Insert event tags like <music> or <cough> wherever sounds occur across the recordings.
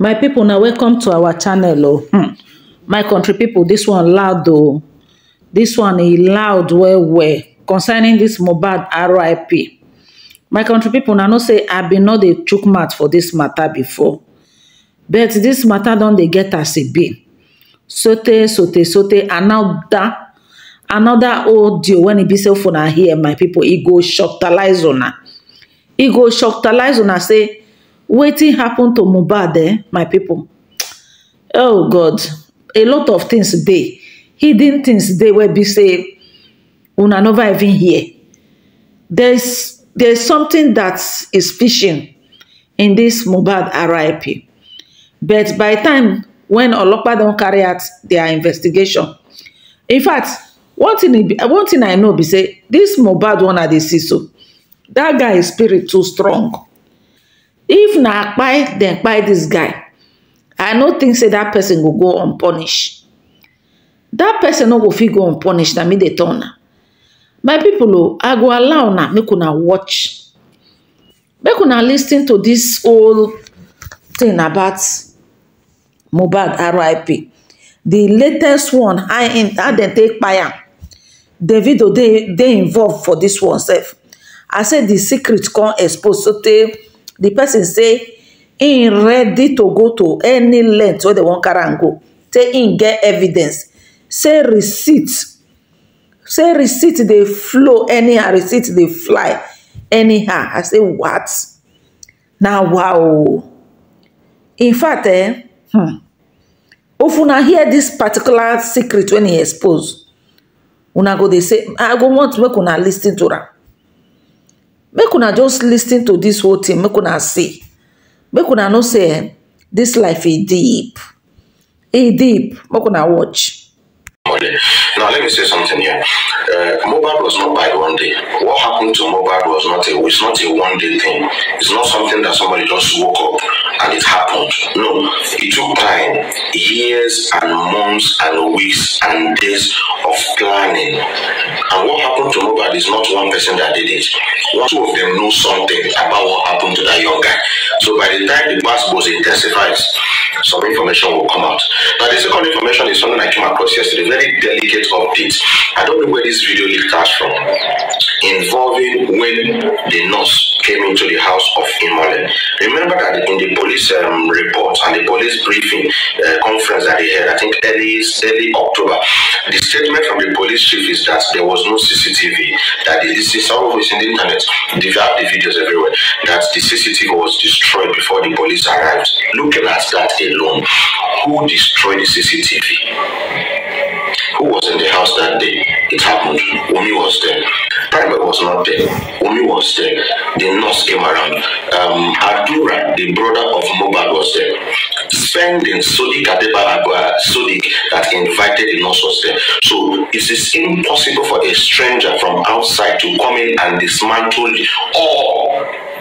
My people, now welcome to our channel. Oh. Hmm. My country people, this one loud oh. This one e loud well well concerning this mobad, RIP. My country people, now know say I been not a chook mouth for this matter before. But this matter don dey get as e be. Sote, sote, sote, another, another audio when e be say for na here, my people, e go shockalize una. E go shockalize una say wetin happen to mohbad eh my people? oh god a lot of things dey hidden things dey wey be say una never even hear there's there's something that is fishing in this mohbad rip but by time when olopa don carry out their investigation in fact one thing e one thing i know be say this mohbad one i dey see so dat guy spirit too strong if na kpai dem kpai dis guy i no think say dat person go go unpunished dat person no go fit go unpunished na me dey tell una my people o oh, i go allow una make una watch make una lis ten to dis whole thing about mohbad rip The latest one how dem take kpai am davido dey involved for dis one sef i say the secret come expose sotey the person say him ready to go to any length wey dem wan carry am go say him get evidence say receipt say receipt dey flow anyhow receipt dey fly anyhow i say what na wow in fact eh hmm, if una hear this particular secret wey e expose una go dey say i go want make una lis ten to am make una just lis ten to this whole thing make una see make una know say eh dis life e deep e deep make una watch. Now, let me say something here. Uh, eh, mobile was not by one day. What happened to mobile was not a, it's not a one day thing. It's not something that somebody just woke up and it happened. No, it took time, years and months and weeks and days of planning. And what happened to Mobad is not one person that did it. One, two of them know something about what happened to that young guy. So by the time the mass was intensifies, some information will come out. Now, the second information is something I came across yesterday, very delicate update. I don't know where this video leaked out from, involving when the nurse came into the house of Imole. Remember that in the police um, report and the police briefing uh, conference that they had, I think early, early October, the statement from the police chief is that there was no CCTV, that the, this is it's in the internet, they have the videos everywhere, that the CCTV was destroyed before the police arrived. Looking at that alone, who destroyed the CCTV? Who was in the house that day? It happened. Omi was there. Primer was not there. Omi was there. The nurse came around. Um, Adura, the brother of Mobad, was there. Spending Sodik Adeba uh, Sodik that invited the nurse was there. So it is impossible for a stranger from outside to come in and dismantle all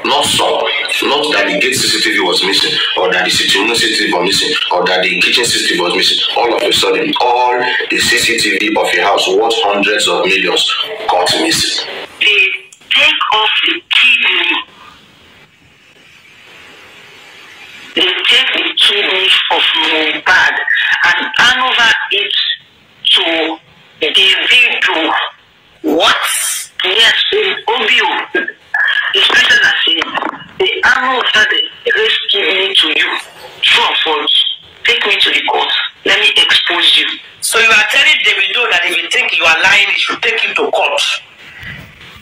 not somewhere. Not that the gate CCTV was missing, or that the sitting room CCTV was missing, or that the kitchen CCTV was missing. All of a sudden, all the CCTV of your house worth hundreds of millions got missing. They take off the kidney. They take the kidney of Mohbad and hand over it to the video. What? Yes, Obio. to you, true or false, take me to the court. Let me expose you. So you are telling Davido that if you think you are lying, he should take you to court.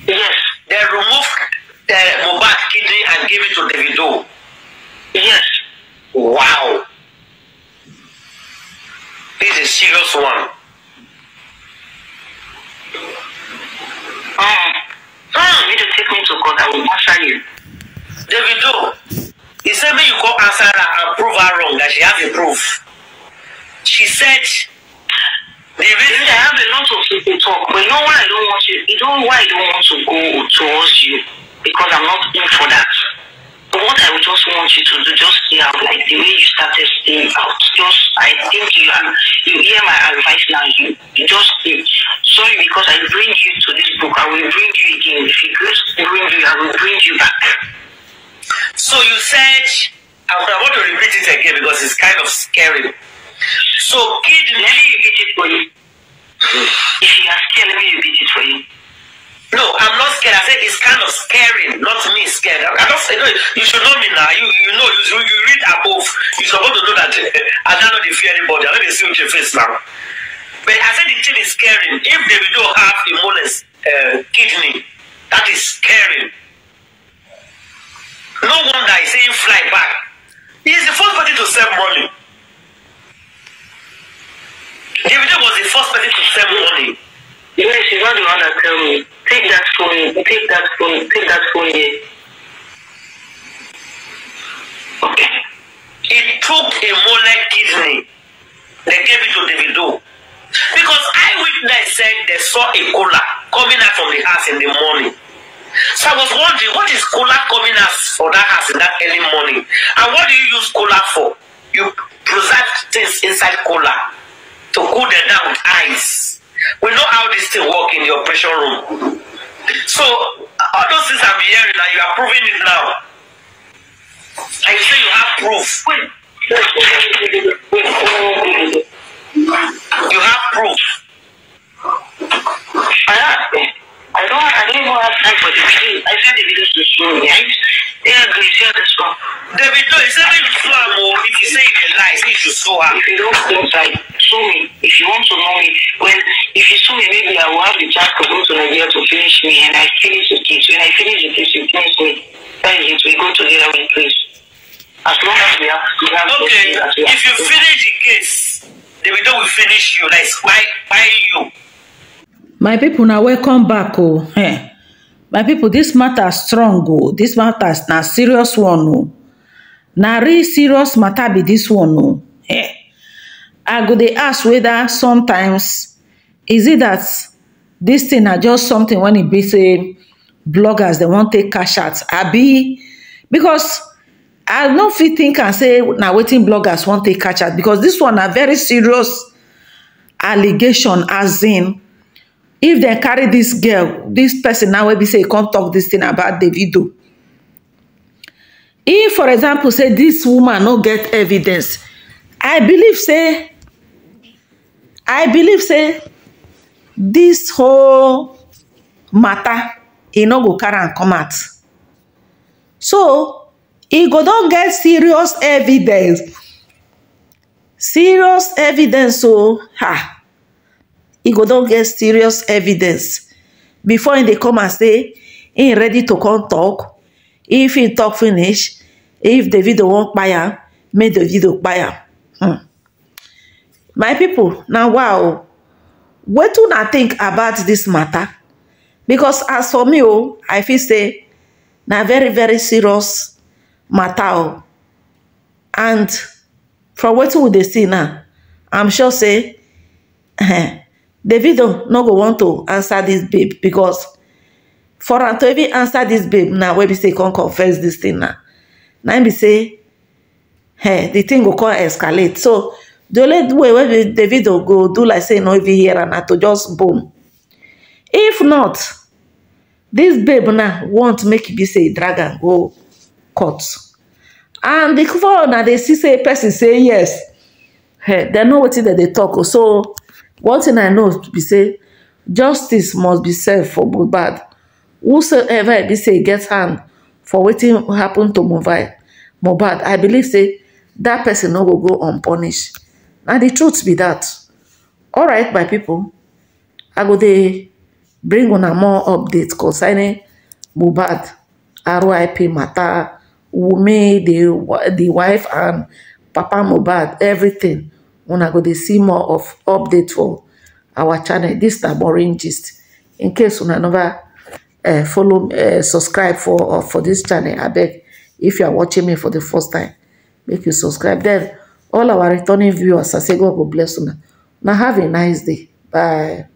Yes. They removed the uh, Mohbad kidney and gave it to Davido. Yes. Wow. This is a serious one. Um, no, you need to take me to court. I will He said, May you call answer her and prove her wrong that she have a proof. She said, the reason I have a lot of people talk, but know why I don't want you, you know why I don't want to go towards you because I'm not in for that. But what I would just want you to do, just stay out like the way you started staying out. Just I think you are, you hear my advice now. You, you just stay. Sorry because I bring you to this book. I will bring you again. If you just bring you, I will bring you back. So you said, I want to repeat it again because it's kind of scary. So kid, let me repeat it for you. If you are scared, let me repeat it for you. No, I'm not scared. I said it's kind of scary, not me scared. I'm not scared. No, you should know me now. You you know you, you read above. You're supposed to know that <laughs> I don't know they fear anybody. I know they see your face now. But I said the thing is scary. If they don't have a molest uh, kidney, that is scary. fly back. He is the first person to sell money. Davido was the first person to sell money. Yes, she's not the one that tell me. Take that phone, take that phone, take that phone here. Okay. He took a molek kidney. They gave it to Davido. Because eyewitness said they saw a cooler coming out from the house in the morning. So I was wondering, what is cola coming as for that house in that early morning? And what do you use cola for? You preserve things inside cola to cool them down with ice. We know how this thing work in the operation room. So all those things I'm hearing and you are proving it now. I say you have proof. <laughs> yes. Yeah, agree. Share this one. Davido, he said if you sue him if you say he dey you should sue am. If you don't want to sue me, if you want to know me, well, if you sue me, maybe I will have the chance to go to Nigeria to finish me, and I finish the case. When I finish the case, you finish me. That is We go together with grace. As long as we have, we have okay. As we have if you finish the case, Davido will finish you. Like why, why you? My people, now welcome back. Oh, hey. Eh my people, this matter strong o oh. this matter na serious one o oh. na real serious matter be this one o oh. eh i go dey ask whether sometimes is it that this thing na just something when e be say bloggers dem wan take cash out abi because i no fit think am say na wetin bloggers wan take cash out because this one na very serious allegation as in if dem carry dis girl dis person now wey be say e come talk dis thing about davido if for example say dis woman no get evidence i believe say i believe say dis whole matter e no go carry am come out so e go don get serious evidence serious evidence o oh, ha e go don get serious evidence before im dey come and say im ready to come talk. if im talk finish if davido wan kpai am make davido kpai am hmm. my pipo na wow wetin una think about dis mata because as for me o oh, i feel say na very very serious mata o oh. and from wetin we dey see now i'm sure say <laughs> eh, davido no go want to answer this babe because for am to even answer this babe now, wey be say e con confess this thing now. Now im be say hey, eh, the thing go come escalate so di only way wey davido go do like say e no even hear and na to just boom if not this babe now want make e say e drag am go court and di court they see say person say yes hey, eh, they know what wetin that they talk so one thing i know be say justice must be served for mohbad whosoever be say get hand for wetin happen to mohbad i believe say dat person no go go unpunished na the truth be dat alright my people, i go dey bring una more updates concerning mohbad rip mata wumi the wife and papa mohbad everything. una go dey see more of update for our channel dis boring gist in case una nova eh, follow am eh, subscribe for uh, for dis channel abeg if you are watching me for di first time make you subscribe den all our returning viewers i say god go bless una na have a nice day bye.